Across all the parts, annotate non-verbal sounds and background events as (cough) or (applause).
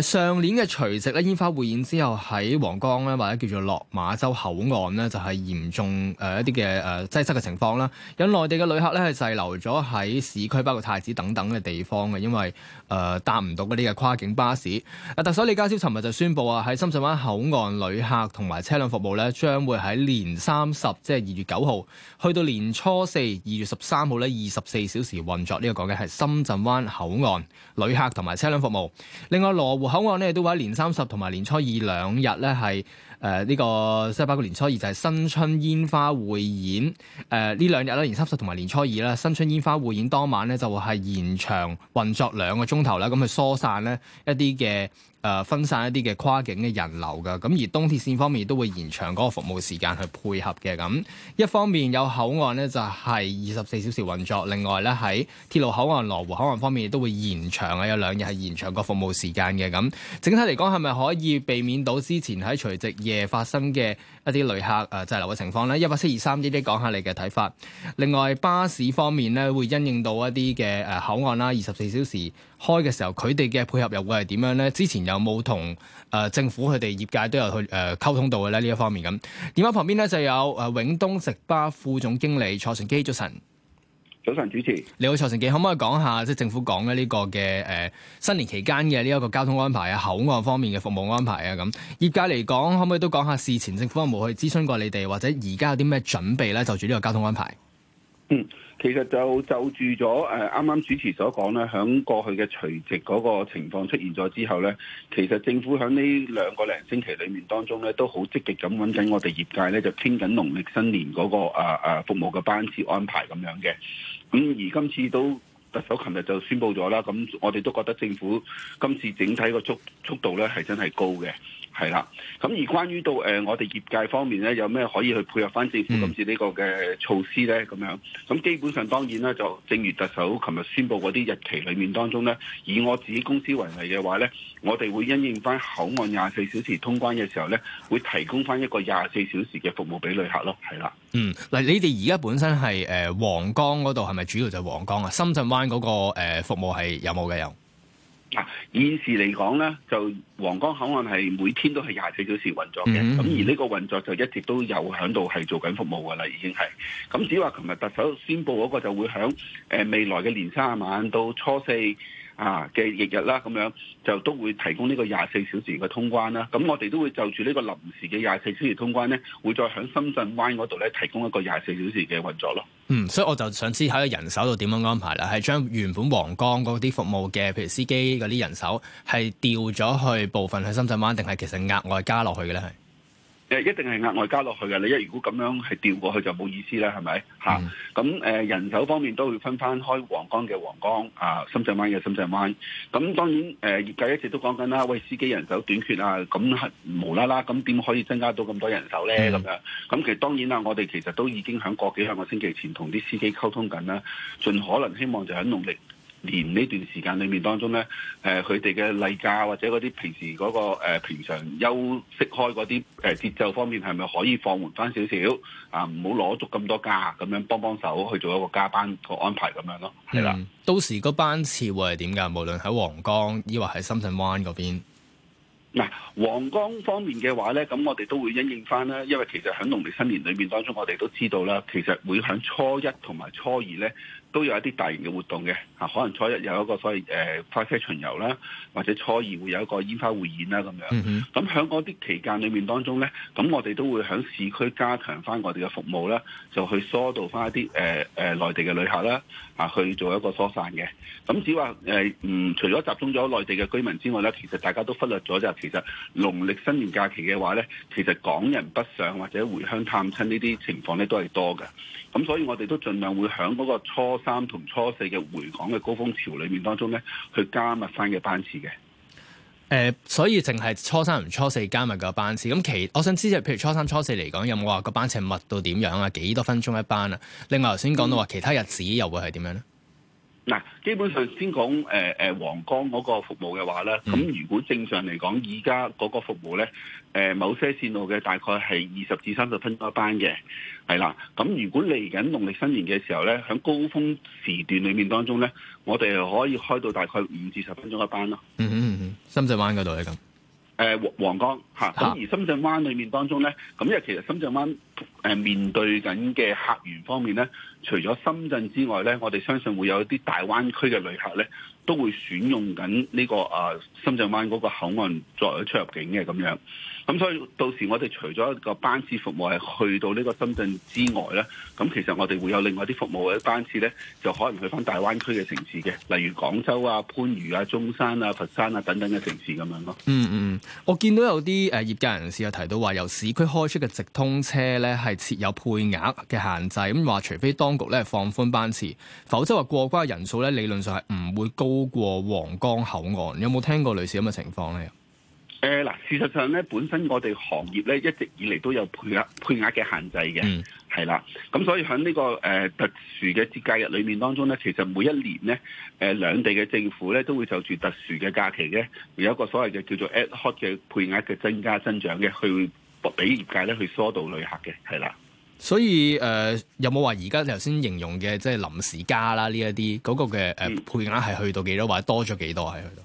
誒上年嘅除夕咧，煙花匯演之後喺皇崗咧，或者叫做落馬洲口岸呢，就係、是、嚴重誒、呃、一啲嘅誒擠塞嘅情況啦，有內地嘅旅客咧係滯留咗喺市區，包括太子等等嘅地方嘅，因為誒、呃、搭唔到嗰啲嘅跨境巴士。啊，特首李家超尋日就宣布啊，喺深圳灣口岸旅客同埋車輛服務咧，將會喺年三十，即係二月九號，去到年初四，二月十三號咧，二十四小時運作。呢、這個講嘅係深圳灣口岸旅客同埋車輛服務。另外羅口岸咧都話，年三十同埋年初二兩日咧係誒，呢個即係包括年初二就係新春煙花匯演誒呢、呃、兩日咧年三十同埋年初二啦，新春煙花匯演當晚咧就會係延長運作兩個鐘頭啦，咁去疏散咧一啲嘅。誒分散一啲嘅跨境嘅人流噶，咁而東鐵線方面都會延長嗰個服務時間去配合嘅，咁一方面有口岸呢，就係二十四小時運作，另外呢，喺鐵路口岸、羅湖口岸方面都會延長啊，有兩日係延長個服務時間嘅，咁整體嚟講係咪可以避免到之前喺除夕夜發生嘅一啲旅客誒滯留嘅情況咧，23, 一百七二三，一啲講下你嘅睇法。另外巴士方面咧，會因應到一啲嘅口岸啦，二十四小時開嘅時候，佢哋嘅配合又會係點樣咧？之前有冇同政府佢哋業界都有去溝通到嘅咧？呢一方面咁，電話旁邊咧就有永東直巴副總經理蔡順基早晨。早晨，主持你好，蔡順基，可唔可以講下即係政府講嘅呢個嘅誒、呃、新年期間嘅呢一個交通安排啊，口岸方面嘅服務安排啊咁，業界嚟講可唔可以都講下事前政府有冇去諮詢過你哋，或者而家有啲咩準備咧，就住呢個交通安排？嗯，其實就就住咗誒，啱、呃、啱主持所講咧，響過去嘅除夕嗰個情況出現咗之後咧，其實政府響呢兩個零星期裏面當中咧，都好積極咁搵緊我哋業界咧，就傾緊農曆新年嗰、那個誒誒、呃、服務嘅班次安排咁樣嘅。咁而今次都特首琴日就宣布咗啦，咁我哋都覺得政府今次整體個速速度咧係真係高嘅。係啦，咁而關於到誒我哋業界方面咧，有咩可以去配合翻政府今次呢個嘅措施咧？咁樣咁基本上當然啦，就正如特首琴日宣布嗰啲日期裏面當中咧，以我自己公司為例嘅話咧，我哋會因應翻口岸廿四小時通關嘅時候咧，會提供翻一個廿四小時嘅服務俾旅客咯。係啦，嗯，嗱，你哋而家本身係誒皇崗嗰度係咪主要就係皇崗啊？深圳灣嗰個誒服務係有冇嘅有？啊！現時嚟講咧，就皇崗口岸係每天都係廿四小時運作嘅，咁而呢個運作就一直都有響度係做緊服務嘅啦，已經係。咁只話話，尋日特首宣布嗰個就會響未來嘅年三十晚到初四啊嘅日日啦，咁樣就都會提供呢個廿四小時嘅通關啦。咁我哋都會就住呢個臨時嘅廿四小時通關咧，會再響深圳灣嗰度咧提供一個廿四小時嘅運作咯。嗯，所以我就想知喺個人手度點樣安排啦，係將原本皇崗嗰啲服務嘅，譬如司機嗰啲人手係調咗去部分去深圳灣定係其實額外加落去嘅咧？一定係額外加落去嘅。你一如果咁樣係調過去就冇意思啦，係咪？嚇、嗯啊，咁誒人手方面都會分翻開皇崗嘅皇崗啊，深圳灣嘅深圳灣。咁、啊、當然誒業界一直都講緊啦，喂，司機人手短缺啊，咁係無啦啦，咁點可以增加到咁多人手咧？咁、嗯、樣咁其實當然啦，我哋其實都已經響個幾兩個星期前同啲司機溝通緊啦，盡可能希望就喺努力。年呢段時間裏面當中呢，誒佢哋嘅例假或者嗰啲平時嗰、那個、呃、平常休息開嗰啲誒節奏方面，係咪可以放緩翻少少啊？唔好攞足咁多假咁樣幫幫手去做一個加班個安排咁樣咯，係、嗯、啦。到時個班次會係點噶？無論喺皇崗抑或喺深圳灣嗰邊，嗱、啊、皇崗方面嘅話呢，咁我哋都會因應翻啦。因為其實喺農曆新年裏面當中，我哋都知道啦，其實會喺初一同埋初二呢。都有一啲大型嘅活動嘅、啊，可能初一有一個所謂誒、呃、花車巡遊啦，或者初二會有一個煙花匯演啦咁樣，咁喺嗰啲期間裏面當中咧，咁我哋都會響市區加強翻我哋嘅服務啦，就去疏導翻一啲誒誒內地嘅旅客啦，嚇、啊、去做一個疏散嘅。咁只話誒嗯除咗集中咗內地嘅居民之外咧，其實大家都忽略咗就係其實農曆新年假期嘅話咧，其實港人北上或者回鄉探親呢啲情況咧都係多嘅。咁所以我哋都盡量會響嗰個初三同初四嘅回港嘅高峰潮裏面當中咧，去加密翻嘅班次嘅。誒、呃，所以淨係初三同初四加密個班次。咁其我想知，就譬如，初三、初四嚟講，有冇話個班次密到點樣啊？幾多分鐘一班啊？另外，頭先講到話其他日子又會係點樣咧？嗯嗱，基本上先講誒誒皇崗嗰個服務嘅話咧，咁如果正常嚟講，而家嗰個服務咧，誒、呃、某些線路嘅大概係二十至三十分鐘一班嘅，係啦。咁如果嚟緊農曆新年嘅時候咧，喺高峰時段裡面當中咧，我哋可以開到大概五至十分鐘一班咯。嗯嗯嗯，深圳灣嗰度係咁。誒，黃江吓咁、啊、而深圳灣裏面當中咧，咁因為其實深圳灣誒面對緊嘅客源方面咧，除咗深圳之外咧，我哋相信會有一啲大灣區嘅旅客咧，都會選用緊呢個啊深圳灣嗰個口岸作為出入境嘅咁樣，咁、嗯、所以到時我哋除咗一個班次服務係去到呢個深圳之外呢，咁、嗯、其實我哋會有另外啲服務嘅班次呢，就可能去翻大灣區嘅城市嘅，例如廣州啊、番禺啊、中山啊、佛山啊等等嘅城市咁樣咯。嗯嗯，我見到有啲誒業界人士又提到話，由市區開出嘅直通車呢係設有配額嘅限制，咁話除非當局呢放寬班次，否則話過關嘅人數呢，理論上係唔會高。高過黃江口岸，有冇聽過類似咁嘅情況咧？誒，嗱，事實上咧，本身我哋行業咧一直以嚟都有配額，配額嘅限制嘅，係啦、嗯。咁所以喺呢、這個誒、呃、特殊嘅節假日裏面當中咧，其實每一年咧，誒、呃、兩地嘅政府咧都會就住特殊嘅假期咧，有一個所謂嘅叫做 ad hoc 嘅配額嘅增加增長嘅，去俾業界咧去疏導旅客嘅，係啦。所以誒、呃、有冇話而家頭先形容嘅即係臨時加啦呢一啲嗰個嘅誒配額係去到幾多或者多咗幾多喺佢度？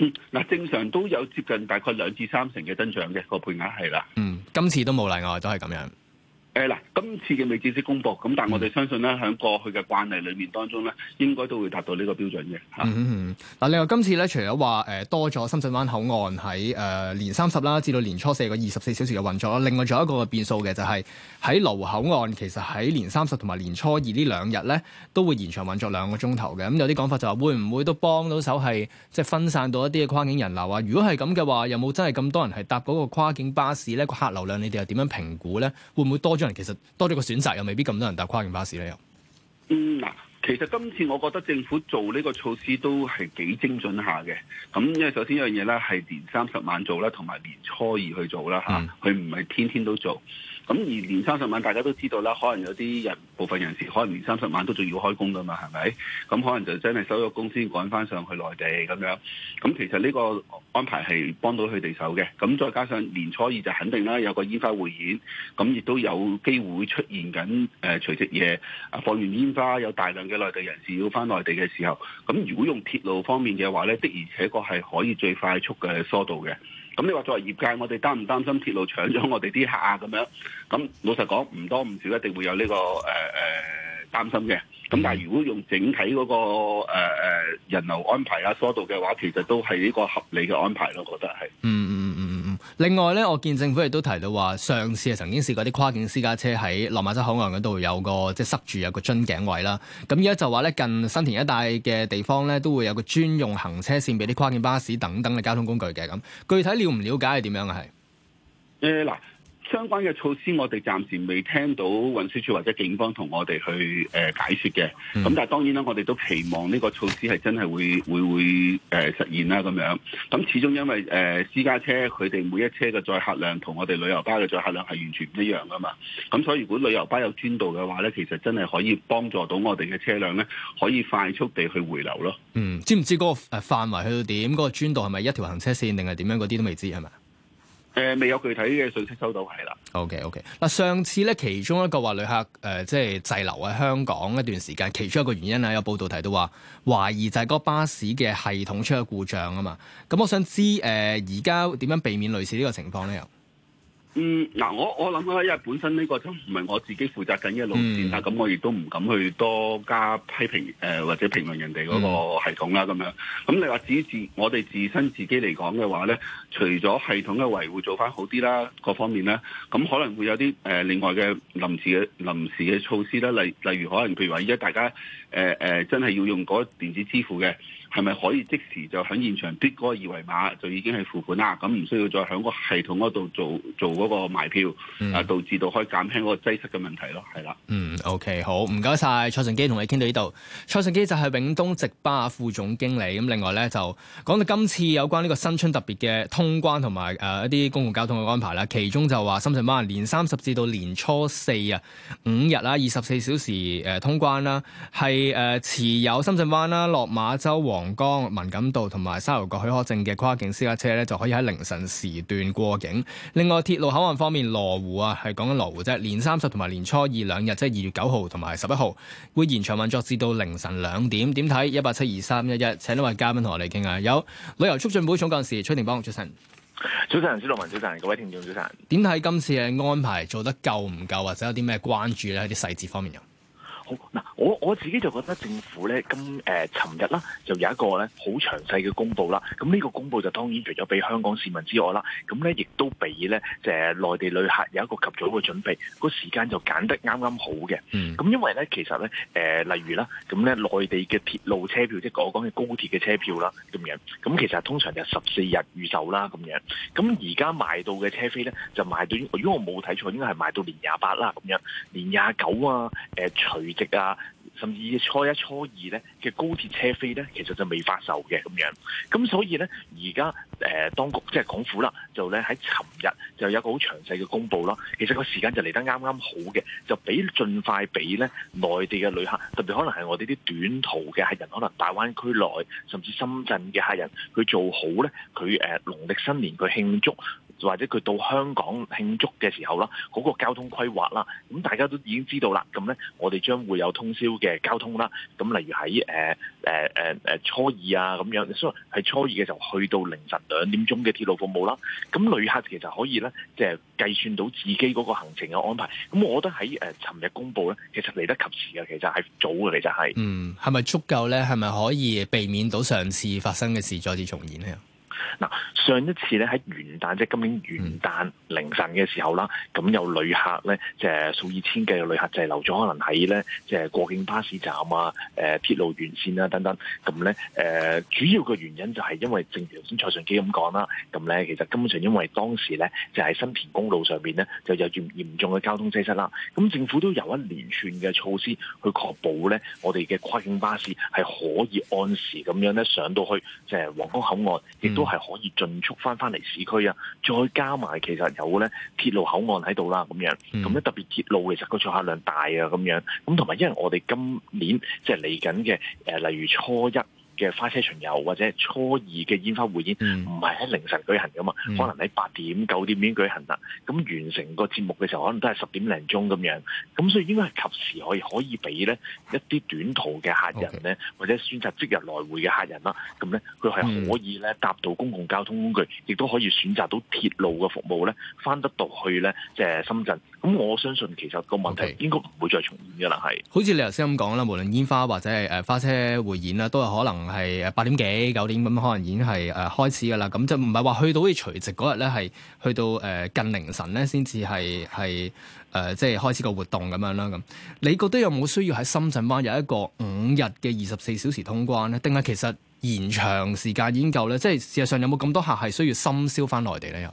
嗯，嗱正常都有接近大概兩至三成嘅增長嘅、個配額係啦。嗯，今次都冇例外，都係咁樣。誒嗱、哎，今次嘅未正式公布，咁但係我哋相信咧，喺過去嘅慣例裏面當中咧，應該都會達到呢個標準嘅。嚇、啊、嗱、嗯嗯嗯，另外今次咧，除咗話、呃、多咗深圳灣口岸喺、呃、年三十啦，至到年初四個二十四小時嘅運作啦，另外仲有一個變數嘅就係喺羅湖口岸，其實喺年三十同埋年初二呢兩日咧，都會延長運作兩個鐘頭嘅。咁、嗯、有啲講法就話會唔會都幫到手係即係分散到一啲嘅跨境人流啊？如果係咁嘅話，有冇真係咁多人係搭嗰個跨境巴士咧？個客流量你哋又點樣評估咧？會唔會多咗？其實多咗個選擇，又未必咁多人搭跨境巴士咧。又嗯、嗱，其實今次我覺得政府做呢個措施都係幾精準下嘅。咁因為首先一樣嘢咧，係年三十晚做啦，同埋年初二去做啦，吓、啊，佢唔係天天都做。咁而年三十晚大家都知道啦，可能有啲人、部分人士可能年三十晚都仲要開工噶嘛，係咪？咁可能就真係收咗工先趕翻上去內地咁樣。咁其實呢個安排係幫到佢哋手嘅。咁再加上年初二就肯定啦，有個煙花匯演，咁亦都有機會出現緊誒除夕夜放完煙花有大量嘅內地人士要翻內地嘅時候，咁如果用鐵路方面嘅話咧，的而且確係可以最快速嘅疏導嘅。咁你話作為業界，我哋擔唔擔心鐵路搶咗我哋啲客啊？咁樣，咁老實講，唔多唔少一定會有呢個誒誒擔心嘅。咁但係如果用整體嗰個誒誒人流安排啊、疏導嘅話，其實都係呢個合理嘅安排咯。我覺得係。嗯。另外咧，我見政府亦都提到話，上次係曾經試過啲跨境私家車喺落馬洲口岸嗰度有個即係塞住，有個樽頸位啦。咁而家就話咧，近新田一帶嘅地方咧，都會有個專用行車線俾啲跨境巴士等等嘅交通工具嘅。咁具體了唔了解係點樣啊？係嗱、嗯。相關嘅措施，我哋暫時未聽到運輸署或者警方同我哋去誒解説嘅。咁、嗯、但係當然啦，我哋都期望呢個措施係真係會會會誒、呃、實現啦咁樣。咁始終因為誒、呃、私家車佢哋每一車嘅載客量同我哋旅遊巴嘅載客量係完全唔一樣㗎嘛。咁所以如果旅遊巴有專道嘅話咧，其實真係可以幫助到我哋嘅車輛咧，可以快速地去回流咯。嗯，知唔知嗰個範圍去到點？嗰、嗰個專道係咪一條行車線定係點樣的？嗰啲都未知係咪？是誒，未有具體嘅訊息收到，係啦。OK OK 嗱，上次咧其中一個話旅客誒、呃、即係滯留喺香港一段時間，其中一個原因啊，有報道提到話懷疑就係嗰巴士嘅系統出咗故障啊嘛。咁我想知誒而家點樣避免類似呢個情況咧？嗯，嗱，我我諗咧，因為本身呢個都唔係我自己負責緊嘅路線啦，咁、嗯、我亦都唔敢去多加批評，誒、呃、或者評論人哋嗰個系統啦，咁、嗯、樣咁你話至於，自我哋自身自己嚟講嘅話咧，除咗系統嘅維護做翻好啲啦，各方面咧，咁可能會有啲誒、呃、另外嘅臨時嘅臨時嘅措施啦，例例如可能譬如話，而家大家誒、呃呃、真係要用嗰電子支付嘅。係咪可以即時就喺現場貼嗰個二維碼，就已經係付款啦？咁唔需要再喺個系統嗰度做做嗰個賣票，啊、嗯、導致到可以減輕嗰個擠塞嘅問題咯，係啦。嗯，OK，好，唔該晒。蔡順基，同你傾到呢度。蔡順基就係永東直巴副總經理。咁另外咧就講到今次有關呢個新春特別嘅通關同埋誒一啲公共交通嘅安排啦。其中就話深圳灣年三十至到年初四啊五日啦，二十四小時誒通關啦，係誒、呃、持有深圳灣啦，落馬洲黃龍江、文錦道同埋沙頭角許可證嘅跨境私家車咧，就可以喺凌晨時段過境。另外，鐵路口岸方面，羅湖啊，係講緊羅湖啫，年三十同埋年初二兩日，即係二月九號同埋十一號，會延長運作至到凌晨兩點。點睇？一八七二三一一，請呢位嘉賓同我哋傾下。有旅遊促進會總幹事崔定邦早晨，早晨，朱樂文早晨，各位聽眾早晨。點睇今次嘅安排做得夠唔夠，或者有啲咩關注呢？喺啲細節方面好嗱，我我自己就覺得政府咧今誒尋日啦，呃、就有一個咧好詳細嘅公佈啦。咁呢個公佈就當然除咗俾香港市民之外啦，咁咧亦都俾咧就係、是、內地旅客有一個及早嘅準備。個時間就揀得啱啱好嘅。咁、嗯、因為咧其實咧誒、呃、例如啦，咁咧內地嘅鐵路車票，即係我講嘅高鐵嘅車票啦，咁樣咁其實通常就十四日預售啦，咁樣咁而家買到嘅車飛咧就買到，如果我冇睇錯，應該係買到年廿八啦，咁樣年廿九啊，除、呃。值啊，甚至初一、初二咧嘅高鐵車飛咧，其實就未發售嘅咁樣，咁所以咧而家。現在誒、呃、當局即係港府啦，就咧喺尋日就有一個好詳細嘅公佈啦。其實個時間就嚟得啱啱好嘅，就俾盡快俾咧內地嘅旅客，特別可能係我哋啲短途嘅客人，可能大灣區內甚至深圳嘅客人，佢做好咧佢誒農曆新年佢慶祝，或者佢到香港慶祝嘅時候啦，嗰個交通規劃啦，咁大家都已經知道啦。咁咧，我哋將會有通宵嘅交通啦。咁例如喺誒誒誒誒初二啊咁樣，所以喺初二嘅時候去到凌晨。兩點鐘嘅鐵路服務啦，咁旅客其實可以咧，即係計算到自己嗰個行程嘅安排。咁我覺得喺誒尋日公布咧，其實嚟得及時嘅，其實係早嘅，其實係。嗯，係咪足夠咧？係咪可以避免到上次發生嘅事再次重演呢？嗱，上一次咧喺元旦，即係今年元旦凌晨嘅時候啦，咁有旅客咧即係數以千計嘅旅客滯留咗，可能喺咧即係過境巴士站啊、誒鐵路沿線啊等等。咁咧、呃、主要嘅原因就係因為正如頭先蔡順基咁講啦，咁咧其實根本上因為當時咧就喺新田公路上面咧就有嚴嚴重嘅交通擠塞啦。咁政府都有一連串嘅措施去確保咧，我哋嘅跨境巴士係可以按時咁樣咧上到去即係、就是、皇崗口岸，亦、嗯、都。係可以盡速翻翻嚟市區啊！再加埋其實有咧鐵路口岸喺度啦，咁樣咁咧特別鐵路其實個載客量大啊，咁樣咁同埋因為我哋今年即係嚟緊嘅誒，例如初一。嘅花車巡遊或者初二嘅煙花匯演，唔係喺凌晨舉行噶嘛？嗯、可能喺八點九點已經舉行啦。咁、嗯、完成個節目嘅時候，可能都係十點零鐘咁樣。咁所以應該係及時可以可以俾咧一啲短途嘅客人咧，okay，或者選擇即日來回嘅客人啦。咁咧佢係可以咧搭到公共交通工具，亦都、嗯、可以選擇到鐵路嘅服務咧，翻得到去咧即係深圳。咁我相信其實個問題應該唔會再重演嘅啦，係。好似你頭先咁講啦，無論煙花或者係誒花車匯演啦，都有可能。係八點幾九點咁，可能已經係誒、呃、開始噶啦，咁就唔係話去到好似除夕嗰日咧，係去到誒、呃、近凌晨咧，先至係係誒即係開始個活動咁樣啦。咁你覺得有冇需要喺深圳灣有一個五日嘅二十四小時通關咧？定係其實延長時間已經夠咧？即係事實上有冇咁多客係需要深宵翻內地咧？又？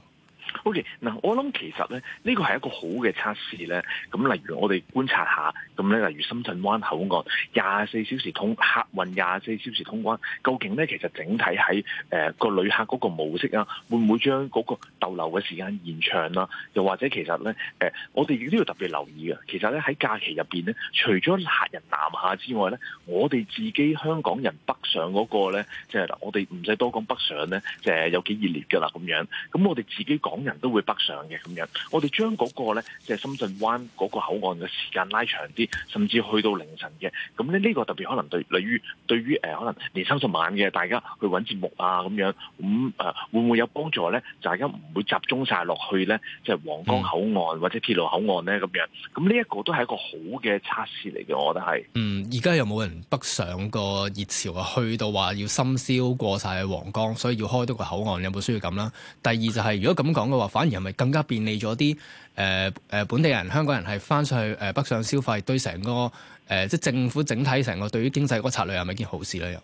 OK 嗱，我諗其實咧，呢個係一個好嘅測試咧。咁例如我哋觀察下，咁咧例如深圳灣口岸廿四小時通客運，廿四小時通關，究竟咧其實整體喺誒個旅客嗰個模式啊，會唔會將嗰個逗留嘅時間延長啦？又或者其實咧、呃、我哋亦都要特別留意嘅。其實咧喺假期入面咧，除咗客人南下之外咧，我哋自己香港人北上嗰個咧，即係我哋唔使多講北上咧，就係有幾熱烈㗎啦咁樣。咁我哋自己港人。都會北上嘅咁樣，我哋將嗰個咧，即係深圳灣嗰個口岸嘅時間拉長啲，甚至去到凌晨嘅。咁咧呢個特別可能對，例如對於、呃、可能年三十晚嘅大家去揾節目啊咁樣，咁、嗯、誒、呃、會唔會有幫助呢？大家唔會集中晒落去呢，即係皇崗口岸或者鐵路口岸呢。咁樣。咁呢一個都係一個好嘅測試嚟嘅，我覺得係。嗯，而家有冇人北上個熱潮啊？去到話要深宵過曬皇崗，所以要開多個口岸有冇需要咁啦？第二就係、是、如果咁講嘅話。反而係咪更加便利咗啲？誒、呃、誒本地人、香港人係翻上去誒、呃、北上消費，對成個誒、呃、即係政府整體整，成個對於經濟個策略係咪一件好事咧？又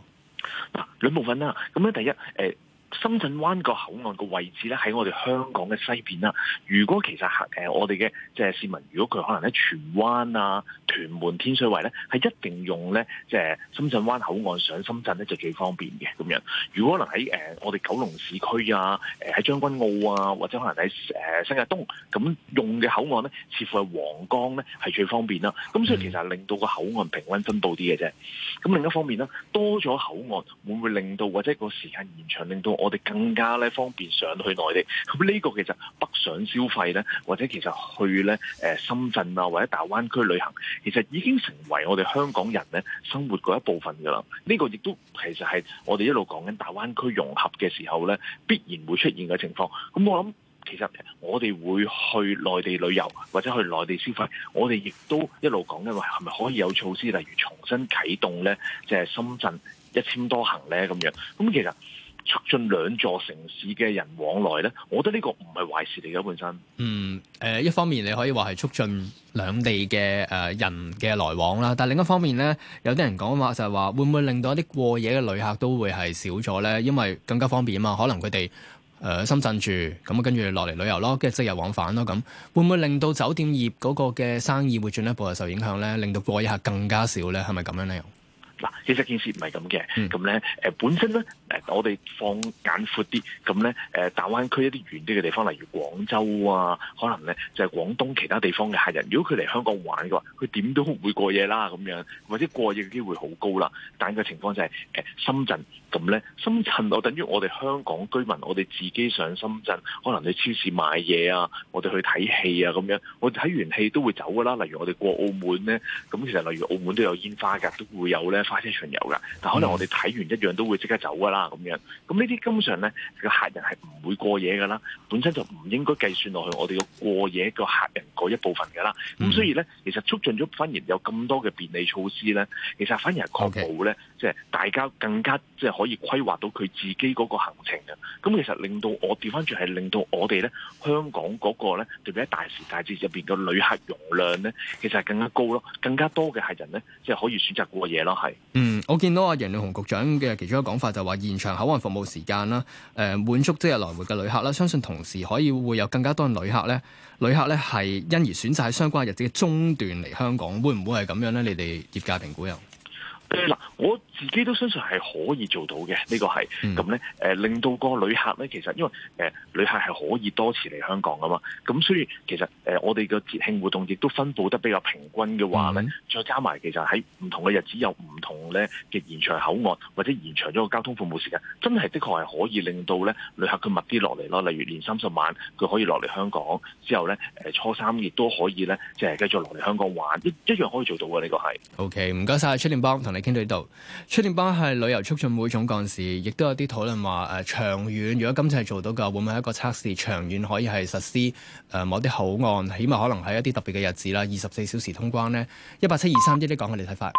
嗱兩部分啦，咁樣，第一誒。呃深圳灣個口岸個位置咧，喺我哋香港嘅西邊啦。如果其實誒我哋嘅即係市民，如果佢可能喺荃灣啊、屯門天水圍咧，係一定用咧即係深圳灣口岸上深圳咧就最方便嘅咁樣。如果可能喺誒我哋九龍市區啊、誒喺將軍澳啊，或者可能喺誒新界東，咁用嘅口岸咧，似乎係皇崗咧係最方便啦。咁所以其實係令到個口岸平均分佈啲嘅啫。咁另一方面咧，多咗口岸會唔會令到或者個時間延長，令到我哋更加咧方便上去內地，咁呢個其實北上消費呢，或者其實去呢深圳啊或者大灣區旅行，其實已經成為我哋香港人呢生活嗰一部分噶啦。呢個亦都其實係我哋一路講緊大灣區融合嘅時候呢，必然會出現嘅情況。咁我諗其實我哋會去內地旅遊或者去內地消費，我哋亦都一路講緊話係咪可以有措施，例如重新啟動呢，即係深圳一簽多行呢。咁樣。咁其實。促進兩座城市嘅人往來咧，我覺得呢個唔係壞事嚟嘅本身。嗯，誒、呃，一方面你可以話係促進兩地嘅誒人嘅來往啦，但係另一方面咧，有啲人講話就係話會唔會令到一啲過夜嘅旅客都會係少咗咧？因為更加方便啊嘛，可能佢哋誒深圳住，咁跟住落嚟旅遊咯，跟住即日往返咯，咁會唔會令到酒店業嗰個嘅生意會進一步係受影響咧？令到過夜客更加少咧？係咪咁樣咧？嗱，其實這件事唔係咁嘅，咁咧、嗯，誒，本身咧。嗯、 (noise) 我哋放眼闊啲，咁呢誒，大灣區一啲遠啲嘅地方，例如廣州啊，可能呢就係、是、廣東其他地方嘅客人，如果佢嚟香港玩嘅話，佢點都會過夜啦咁樣，或者過夜嘅機會好高啦。但個個情況就係、是、深圳咁呢深圳我等於我哋香港居民，我哋自己上深圳，可能去超市買嘢啊，我哋去睇戲啊咁樣，我睇完戲都會走㗎啦。例如我哋過澳門呢，咁其實例如澳門都有煙花㗎，都會有呢花車巡遊㗎，但可能我哋睇完一樣都會即刻走㗎啦。啊，咁樣，咁呢啲根本上咧，個客人係唔會過夜噶啦，本身就唔應該計算落去我哋個過夜個客人嗰一部分噶啦。咁、嗯、所以咧，其實促進咗反而有咁多嘅便利措施咧，其實反而係確保咧，即係大家更加即係可以規劃到佢自己嗰個行程嘅。咁其實令到我調翻轉係令到我哋咧，香港嗰個咧，特別喺大時大節入邊嘅旅客容量咧，其實係更加高咯，更加多嘅客人咧，即係可以選擇過夜咯，係。嗯，我見到阿楊潤雄局長嘅其中一個講法就話延長口岸服務時間啦，誒滿足即日來回嘅旅客啦，相信同時可以會有更加多嘅旅客咧，旅客咧係因而選擇喺相關嘅日子嘅中段嚟香港，會唔會係咁樣咧？你哋業界評估又？嗱，我自己都相信係可以做到嘅，呢、這個係咁咧，誒、嗯嗯、令到個旅客咧，其實因為誒、呃、旅客係可以多次嚟香港噶嘛，咁所以其實誒、呃、我哋嘅節慶活動亦都分布得比較平均嘅話咧，嗯、再加埋其實喺唔同嘅日子有唔同咧嘅延長口岸或者延長咗個交通服務時間，真係的確係可以令到咧旅客佢密啲落嚟咯，例如年三十晚佢可以落嚟香港之後咧，誒初三亦都可以咧即係繼續落嚟香港玩，一、這個、一樣可以做到嘅呢個係。O K，唔該曬，出年邦同你。喺呢度，出境班係旅遊促進會總幹事，亦都有啲討論話誒、呃、長遠，如果今次係做到嘅，會唔會係一個測試，長遠可以係實施誒、呃、某啲口岸，起碼可能喺一啲特別嘅日子啦，二十四小時通關呢，1, 一八七二三一，你講下你睇法？